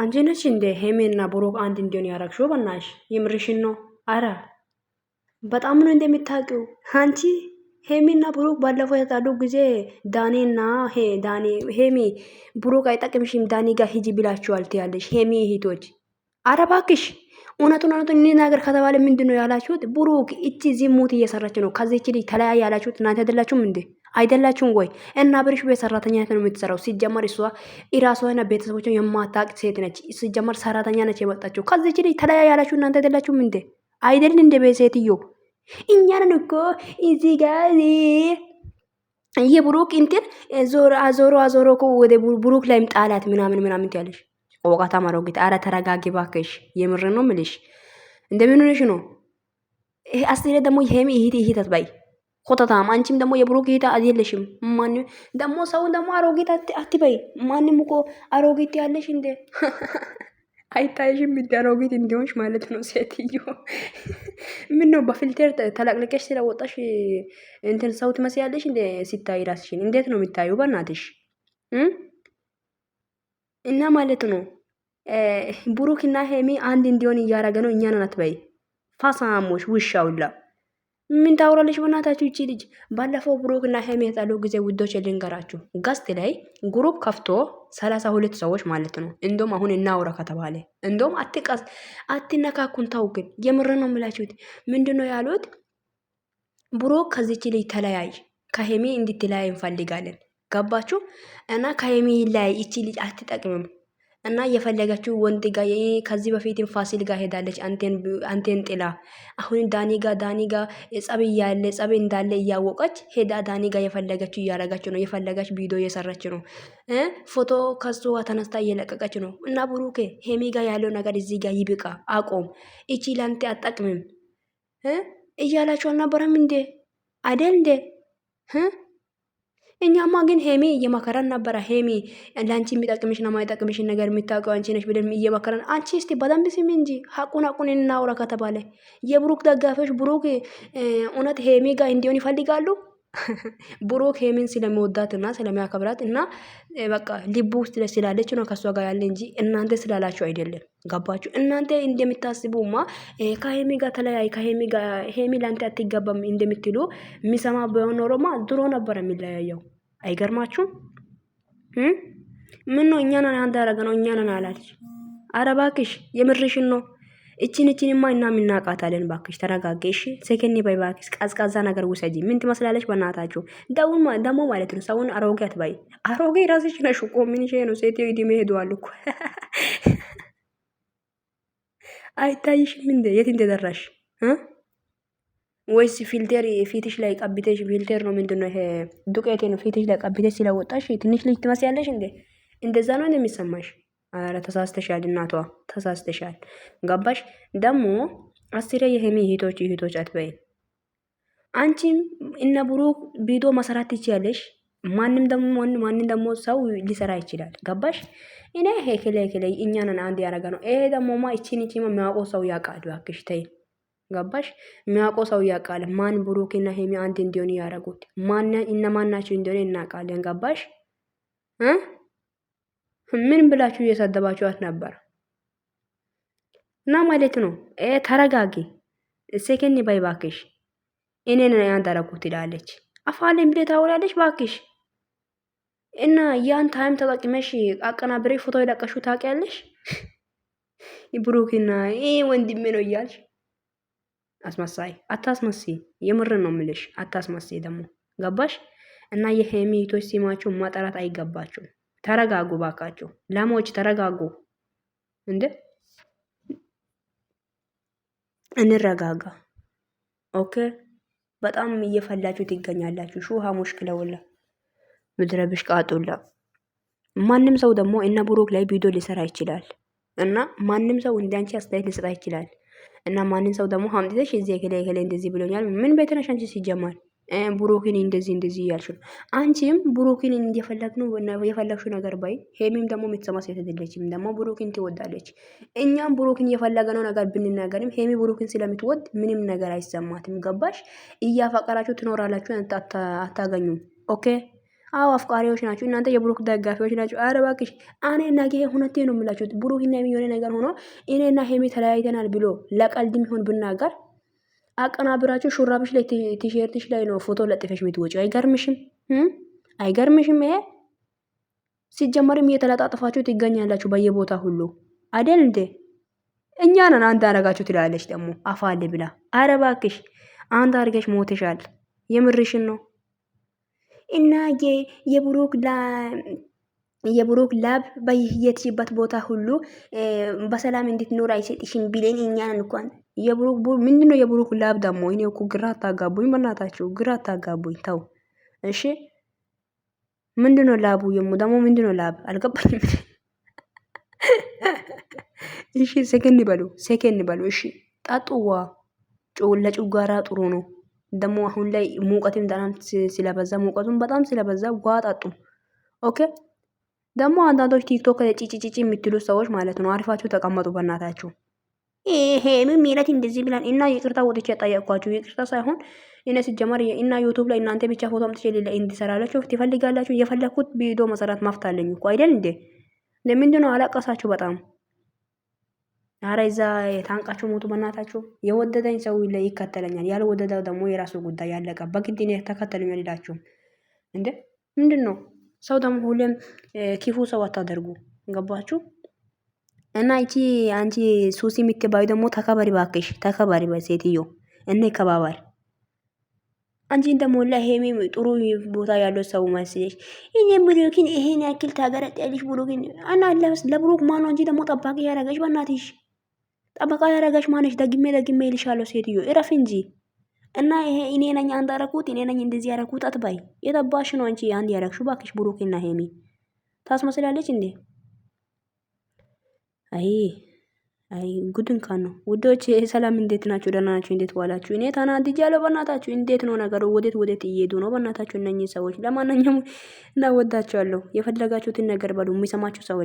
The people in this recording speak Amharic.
አንቺ ነሽ እንደ ሄሜና ብሩክ አንድ እንዲሆን ያረግሽው? በናሽ የምርሽን ነው? አረ በጣም ነው እንደምታውቂው አንቺ። ሄሚና ብሩክ ባለፈው የታሉ ጊዜ ዳኔና ዳኔ ሄሚ ብሩክ አይጠቅምሽም ዳኔ ጋር ሂጂ ብላችኋል ትያለሽ ሄሚ ሂቶች። አረባክሽ እውነቱን እውነቱን እኔ ነገር ከተባለ ምንድን ነው ያላችሁት? ብሩክ እቺ ዝሙት እየሰራች ነው ከዚች ልጅ ተለያየ ያላችሁት እናንተ አይደላችሁም እንዴ? አይደላችሁም ወይ? እና ብርሽ ቤት ሰራተኛ ነው የምትሰራው። ሲጀመር እሷ ሆነ ቤተሰቦቿን የማታቅ ሴት ነች። ሲጀመር ሰራተኛ ነች የመጣችው። ከዚች ልጅ ተለያ ያላችሁ እናንተ አይደላችሁም እንዴ? አይደልን እንደ ቤት ሴትዮ እኛንን እኮ እዚህ ጋር ይሄ ብሩክ እንትን አዞሮ አዞሮ እኮ ወደ ብሩክ ላይም ጣላት ምናምን ምናምን ያለሽ ቆቃታ ማሮጊት። አረ ተረጋጊ ባክሽ፣ የምር ነው ምልሽ። እንደምን ነው? አስሌ ደግሞ ይሄም ይሄት ይሄት አትባይ ኮተታም አንቺም ደግሞ የብሩክ ጌታ አይደለሽም። ማን ደግሞ ሰውን ደግሞ አሮጊት አትበይ። ማንም እኮ አሮጌት ያለሽ እንዴ አይታይሽም? እንደ አሮጊት እንዲሆንሽ ማለት ነው። ሴትዮ ምን ነው በፊልተር ተለቅልቀሽ ስለወጣሽ እንትን ሰው ትመስያለሽ እንዴ? ሲታይ ራስሽን እንዴት ነው የሚታዩ? በእናትሽ እና ማለት ነው ብሩክ እና ሄሚ አንድ እንዲሆን እያረገ ነው። እኛን አትበይ ፋሳሞች ውሻውላ ምን ታውራለች? በእናታችሁ እቺ ልጅ ባለፈው እና ሄም የተጣሉ ጊዜ ውዶች ልንገራችሁ፣ ጋስት ላይ ግሩፕ ከፍቶ ሰላሳ ሁለት ሰዎች ማለት ነው። እንዶም አሁን እናውራ ከተባለ እንዶም አትቀስ አትነካኩን፣ ተው ግን የምር ነው የምላችሁት። ምንድነው ያሉት? ብሩክ ከዚች ልጅ ተለያይ፣ ከሄሜ እንድትለያይ እንፈልጋለን። ገባችሁ እና ከሄሜ ላይ እቺ ልጅ አትጠቅምም እና የፈለገችው ወንድ ጋ ከዚህ በፊትም ፋሲል ጋር ሄዳለች። አንቴን ጥላ አሁን ዳኒ ጋ ዳኒ ጋ ጸብ እያለ ጸብ እንዳለ እያወቀች ሄዳ ዳኒ ጋ የፈለገችው እያረገች ነው። የፈለገች ቪዲዮ እየሰራች ነው። ፎቶ ከሱ ተነስታ እየለቀቀች ነው። እና ብሩኬ ሄሚ ጋ ያለው ነገር እዚ ጋ ይብቃ፣ አቆም። እቺ ለአንቴ አጠቅምም እያላችሁ አልነበረም እንዴ? አደል እንዴ? እኛማ ግን ሄሜ እየመከረን ነበረ። ሄሜ ለአንቺ የሚጠቅምሽና ማይጠቅምሽን ነገር የሚታውቀው አንቺ ነሽ ብለን እየመከረን፣ አንቺ እስቲ በደንብ ስሚ እንጂ ሀቁን ሀቁን እናውራ ከተባለ የብሩክ ደጋፊዎች ብሩክ እውነት ሄሜ ጋር እንዲሆን ይፈልጋሉ። ብሩክ ሄሚን ስለመወዳት እና ስለሚያከብራት እና በቃ ልቡ ውስጥ ስላለች ነው ከእሷ ጋር ያለ እንጂ እናንተ ስላላችሁ አይደለም። ገባችሁ? እናንተ እንደምታስቡማ ከሄሚ ጋር ተለያይ፣ ሄሚ ለአንተ አትገባም እንደምትሉ የሚሰማ ቢሆን ኖሮማ ድሮ ነበር የሚለያየው። አይገርማችሁም? ምን ነው እኛን አንተ ያረገ ነው እኛን አላለች። አረባክሽ የምርሽን ነው እችን እችን ማ እና ምናቃታለን ባክሽ ተረጋጌሽ። ሴኬንድ ባይ ባክሽ፣ ቀዝቃዛ ነገር ውሰጂ። ምን ትመስላለች? በእናታችሁ ደግሞ ማለት ነው። ሰውን አሮጌ አትባይ። አሮጌ ራስሽ ነሽ እኮ። ምን ሽ ነው? ሴትዮ እድሜ ሄደዋል እኮ አይታይሽም እንዴ? የት እንደደረሽ ወይስ ፊልተር ፊትሽ ላይ ቀብተሽ? ፊልተር ነው ምንድነው ይሄ? ዱቄቴ ነው ፊትሽ ላይ ቀብተሽ ስለወጣሽ ትንሽ ልጅ ትመስያለሽ እንዴ? እንደዛ ነው እንደሚሰማሽ አረ ተሳስተሻል፣ እናቷ ተሳስተሻል። ገባሽ? ደግሞ አስሬ የሄሚ እህቶች እህቶች አትበይን። አንቺም እነ ብሩክ ቢዶ መሰራት ትችያለሽ። ማንም ደግሞ ማንም ደግሞ ሰው ሊሰራ ይችላል። ገባሽ? እኔ ሄክለ ሄክለ እኛን አንድ ያረገ ነው። ይሄ ደግሞማ እቺን እቺ የሚያውቀው ሰው ያውቃል። እባክሽ ተይ። ገባሽ? የሚያውቀው ሰው ያውቃል። ማን ብሩክና ሄሚ አንድ እንዲሆን ያደረጉት ማን እነማን ናቸው እንዲሆን እናውቃለን። ገባሽ? ምን ብላችሁ እየሰደባችኋት ነበር? እና ማለት ነው ተረጋጊ፣ ሴኬን ባይ ባክሽ፣ እኔን ያን ተረኩት ይላለች። አፋልኝ ብሌ ታውላለች ባክሽ። እና ያን ታይም ተጠቅመሽ አቀናብሬ ፎቶ የለቀሹ ታውቂያለሽ? ብሩክና ይህ ወንድሜ ነው እያልሽ አስመሳይ። አታስመስይ፣ የምር ነው ምልሽ። አታስመስይ ደግሞ ገባሽ? እና የሄሚቶች ሲማችሁ ማጠራት አይገባችሁም። ተረጋጉ ባካችሁ፣ ላሞች ተረጋጉ። እንደ እንረጋጋ። ኦኬ፣ በጣም እየፈላችሁ ትገኛላችሁ። ሹሃ ሙሽክለውላ ወላ ምድረ ብሽቃጡላ። ማንም ሰው ደግሞ እነ ብሩክ ላይ ቪዲዮ ሊሰራ ይችላል እና ማንም ሰው እንዳንቺ አስተያየት ሊሰጣ ይችላል እና ማንም ሰው ደግሞ ሀምጥተሽ እዚህ ከላይ ከላይ እንደዚህ ብሎኛል። ምን ቤተነሽ አንቺ ሲጀማል ብሩክን እንደዚህ እንደዚህ እያልሽ ነው። አንቺም ብሩክን እንደፈለግ ነው የፈለግሽው ነገር ባይ ሄሚም ደግሞ የምትሰማ ሴት አይደለችም። ደግሞ ብሩክን ትወዳለች። እኛም ብሩክን ነው ነገር ብንናገርም ሄሚ ብሩክን ስለምትወድ ምንም ነገር አይሰማትም። ገባሽ? እያፈቀራችሁ ትኖራላችሁ፣ አታገኙም። ኦኬ አዎ አፍቃሪዎች ናቸው እናንተ የብሩክ ደጋፊዎች ናቸው። አረ እባክሽ እኔ እና ጌ ሁነቴ ነው የምላችሁት። ብሩክ እና የሆነ ነገር ሆኖ እኔና ሄሚ ተለያይተናል ብሎ ለቀልድም ይሆን ብናገር አቀናብራችሁ ሹራብሽ ላይ ቲሸርትሽ ላይ ነው ፎቶ ለጥፈሽ ምትወጪ። አይገርምሽም? አይገርምሽም? ይሄ ሲጀመርም እየተለጣጠፋችሁ ትገኛላችሁ በየቦታ ሁሉ አደል እንዴ? ነን አንድ አረጋችሁ ትላለች ደግሞ አፋል ብላ። አረ እባክሽ አንድ አርገሽ ሞትሻል። የምርሽን ነው። እና የብሩክ የብሩክ ላብ በየትሽበት ቦታ ሁሉ በሰላም እንድትኖር አይሰጥሽም ብለን እኛን እንኳን ምንድነው የብሩክ ላብ ደግሞ? እኔ እኮ ግራ አታጋቡኝ፣ በእናታችሁ ግራ አታጋቡኝ። ተው እሺ። ምንድነው ላቡ የሙ ደግሞ ምንድነው ላብ አልገባኝም። እሺ ሴኬንድ በሉ፣ ሴኬንድ በሉ። እሺ ጣጡዋ ለጨጓራ ጥሩ ነው። ደግሞ አሁን ላይ ሙቀትም በጣም ስለበዛ ሙቀቱም በጣም ስለበዛ ውሃ ጣጡ። ኦኬ ደግሞ አንዳንዶች ቲክቶክ ጭጭጭጭ የምትሉ ሰዎች ማለት ነው፣ አሪፋችሁ ተቀመጡ በእናታችሁ። ይሄ ምን ማለት እንደዚህ ብላን እና ይቅርታ ወጥቼ ያጠየቅኳችሁ ይቅርታ ሳይሆን እኔ ሲጀመር እና ዩቱብ ላይ እናንተ ብቻ ፎቶ አምጥቼ ሌላ እንዲሰራላችሁ ትፈልጋላችሁ። የፈለግኩት ቪዲዮ መሰራት ማፍታለኝ እኮ አይደል እንዴ? ለምንድን ነው አላቀሳችሁ? በጣም አረ እዛ ታንቃችሁ ሞቱ በእናታችሁ። የወደደኝ ሰው ላይ ይከተለኛል፣ ያልወደደው ደግሞ የራሱ ጉዳይ ያለቀ። በግድ እኔ ተከተለኛል ይላችሁ እንዴ? ምንድን ነው ሰው ደግሞ ሁሌም ክፉ ሰው አታደርጉ። ገባችሁ? እና ይቺ አንቺ ሱሲ የምትባዩ ደግሞ ተከበሪ ባክሽ፣ ተከበሪ ሴትዮ እኔ ከባባል አንቺ ደግሞ ለሄሜ ጥሩ ቦታ ያለው ሰው መስለሽ እኔ ብሩክን ይሄን ያክል ታገረጠልሽ። ብሩክን እና ለብሩክ ማኑ አንቺ ደግሞ ጠባቂ ያረገሽ በእናትሽ ጠበቃ ያረገሽ ማነሽ? ደግሜ ደግሜ ይልሻለሁ ሴትዮ እረፍ እንጂ እና ይሄ እኔ ነኝ አንድ ያረኩት እኔ ነኝ እንደዚህ ያረኩት አትባይ። የጠባሽ ነው አንቺ አንድ ያረግሹ ባክሽ። ብሩክና ሄሜ ታስመስላለች እንዴ? አይ አይ ጉድ እንኳን ነው ውዶች። ሰላም እንዴት ናችሁ? ደህና ናችሁ? እንዴት ዋላችሁ? እኔ ተናድጃለሁ። በእናታችሁ እንዴት ነው ነገሩ? ወዴት ወዴት እየሄዱ ነው? በእናታችሁ እነኚህ ሰዎች። ለማናኛውም እናወዳቸዋለሁ። የፈለጋችሁትን ነገር በሉ። የሚሰማችሁ ሰው